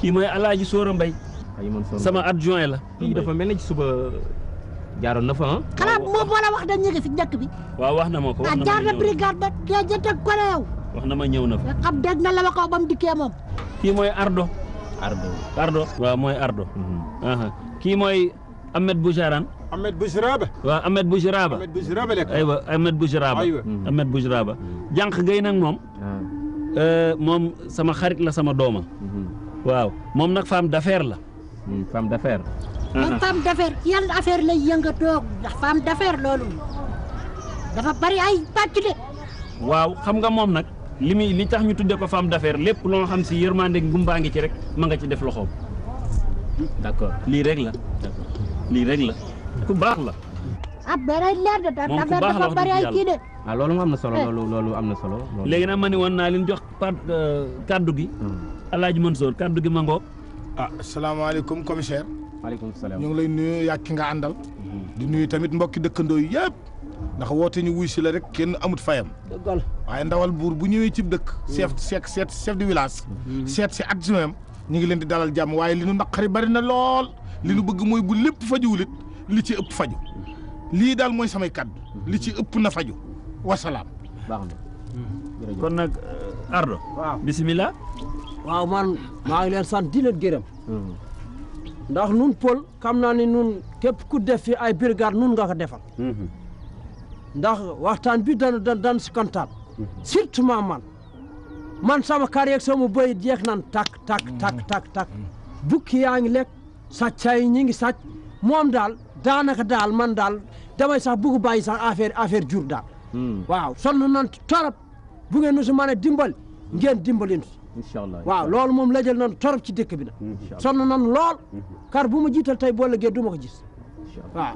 kii mooy alaaji Sora sama sama adjoint la kii dafa mel ne ci suba jaaroon na fa ah xanaa moom wax da ñëge si njëkk bi waaw wax na ma ko ah jaar na brigade ba kee jëteg ko yow wax na ma ñëw na fa xam dégg na la ma ko ba mu dikkee moom kii mooy Ardo Ardo waaw mooy Ardo mhm. kii mooy Ahmed Boujaran Ahmed Boujraba waaw Ahmed Boujraba aywa Ahmed Boujraba mhm. Ahmed jànq gay nag moom ah. euh, moom sama xarit la sama dooma mhm. waaw moom nag femme d'affaires la. Hmm, femme d'affaires. moom ah. femme d'affaires yan affaire lay yëngatoo ndax femme d'affaires loolu dafa bari ay pàcc de. waaw xam nga moom nag li muy li tax ñu tuddee ko femme d'affaires lépp loo xam si yërmande baa ngi ci rek ma nga ci def loxoom. lii rek la. lii rek la ku baax la. ab beray leer moom ku baax la wax dëgg yàlla ah loolu moom am na solo loolu loolu am na solo. léegi nag ma ne woon naa leen jox par kaddu gi. El mën Mansour kaddu gi ma ah salaamaaleykum commissaire. maaleykum salaam ñu ngi lay nuyu yàgg ki nga àndal. di nuyu tamit mbokki dëkkandoo yëpp. ndax woote ñu si la rek kenn amut fayam. waaye ndawal buur bu ñëwee cib dëkk. chef seet seet chef de village. Mm-hmm. seet si adjoint ñu ngi leen di dalal jàmm waaye li nu naqari bari na lool. li nu bëgg mooy bu lépp fajuwul it li ci ëpp faju li dal moy samay kaddu li ci ëpp na faju wa salam mm-hmm. kon nak uh, ardo bismillah waaw man ma ngi leen sant di leen gërëm mm-hmm. ndax nun pol kam na ni nun kep ku def fi ay brigade nun nga ko defal mm-hmm. ndax waxtan bi dan dan ci kontaan surtout ma man man sama carrière ak sama boy diex nan tak tak tak tak tak bukki yaangi lek sa sàcca ñi ngi sa mom dal danaka dal man dal damay sax bëgg bàyyi sax affaire affaire jur daal. Hmm. waaw sonn nañ torop bu ngeen nu si mën a dimbal ngeen dimbalin incha allah waaw loolu moom la jël nañ torop ci dëkk bi nag. sonn nañ lool. kar bu ma jiital tey boo lëggee du ma ko gis. waaw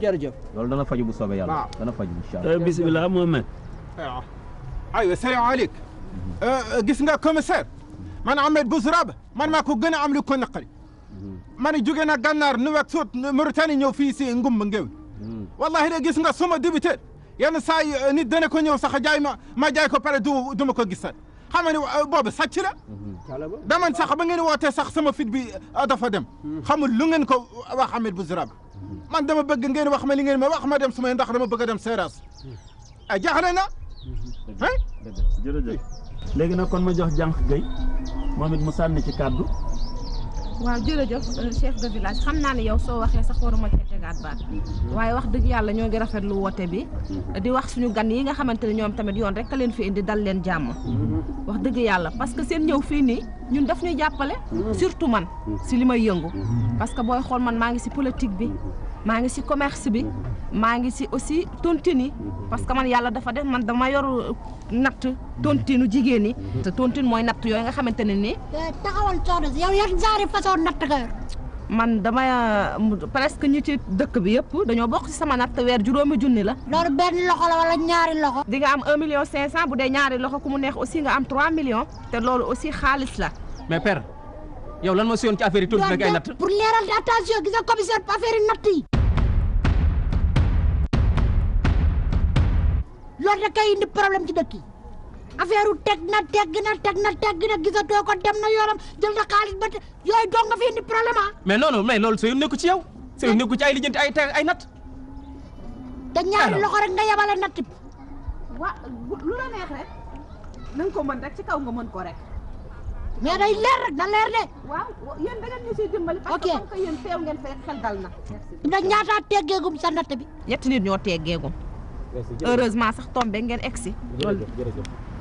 jërëjëf. loolu dana faju bu soobee yàlla. waaw dana faju incha allah. Eh, bisimilah Mohamed. waaw aywa salaamaaleykum. Mhm. Eh, eh, gis nga commissaire. man Ahmed Bouzrab man maa ko gën a am lu ko naqari. Mhm. man jóge na gànnaar nu wek suut Mauritanie ñëw fii si ngumb ngeew والله إذا قسنا سوما ديبتر يعني ساي ندنا كوني وسخ جاي ما ما جاي كبر دو دو ما كقسنا خمني بابا سكتنا دم من سخ بعدين واتي سخ سوما فيد بي هذا فدم خم اللونين كو وخمير بزراب ما دم بعدين وخمير ما وخمير دم سوما يندخل ما بقدم سيراس أجهرنا ها لكن أكون مجهز جانك جاي ما بيد مسان نتكادو وأنا أقول لك أنا أقول لك أنا أقول لك أنا أقول لك أنا أقول لك أنا أقول لك أنا أقول لك dagaat baat waaye wax dëgg yàlla ñoo ngi rafetlu woote bi di wax suñu gan yi nga xamante ne ñoom tamit yoon rek a leen fii indi dal leen jàmm wax dëgg yàlla parce que seen ñëw fii nii ñun daf ñuy jàppale surtout man si li may yëngu parce que booy xool man maa ngi si politique bi maa ngi si commerce bi maa ngi si aussi tontine yi parce que man yàlla dafa def man dama yoru natt tontinu jigéen yi te tontine mooy natt yooyu nga xamante ne nii taxawal soxna si yow yan genre façon man dama euh, presque ñi ci dëkk bi yëpp dañoo bokk sama natt weer juróomi junni la. loolu benn loxo la wala ñaari loxo. di am un million cinq cent bu dee ñaari loxo ku mu neex aussi nga am trois millions te loolu aussi xaalis la. mais père yow lan ma siyoon ci affaire yi tontu nag ay natt. pour leeral attention gis nga commissaire affaire yi natt loolu da kay indi problème ci dëkk yi. affaire u teg na tegg na teg na tegg na gisatoo ko dem na yoram jël na xaalis ba te yooyu dong nga fi indi problème ah. mais non non mais loolu sooy nekku ci yow. sooy nekku ci ay lijjanti ay ay natt. te ñaari loxo rek nga yebale wa lu la neex rek na nga ko mën rek ci kaw nga mën ko rek. mais leer rek na leer de. da ngeen ñu siy dimbali. ok parce que comme que yéen teew ngeen fee xel dal na. merci da ñaata sa natt bi. ñetti nit ñoo teggeegum. heureusement sax tombé ngeen egg si. loolu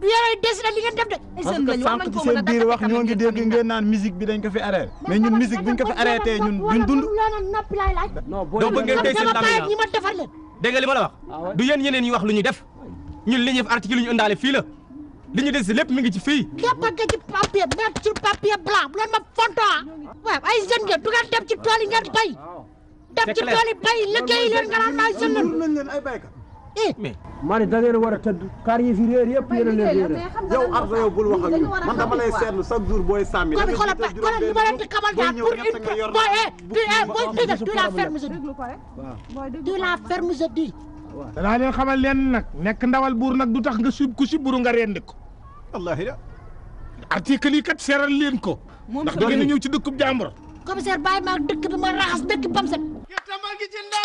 du yore des na li ngeen def de. ay sën lañu war wax ñoo ngi dégg ngeen naan musique bi dañ ko fi arrêté. mais ñun musique buñ ko fi arrêté ñun dund. non boo leen ngeen tey seen làmmiñ ñi ma defar ñu wax lu ñu def ñun li ñuy def article ñu indaale fii la li ñu des lépp mi ngi ci fii. déppante ci papier mettre sur papier blanc bu leen ma fonto ay jeunes ngeen du ngeen dem ci tool yi ngeen bay. ci tool yi bay leen nga naan ay jeunes Eh, mais maa ne da ngeen war a tëdd kaar yi fi réer yëpp yéen a leen réer yow Absa yow bul wax ak ñun man dama lay seetlu chaque jour booy sàmmi comme xoolal xoolal li ma leen di xamal daal pour une fois booy eh tu la ferme je dis tu la ferme je dis danaa leen xamal leen nag nekk ndawal buur nag du tax nga sub ku siburu nga rendi ko wallaahi la article yi kat seeral leen ko ndax da ngeen a ñëw ci dëkkub jàmbur commissaire bàyyi maa dëkk bi ma raxas dëkk bam set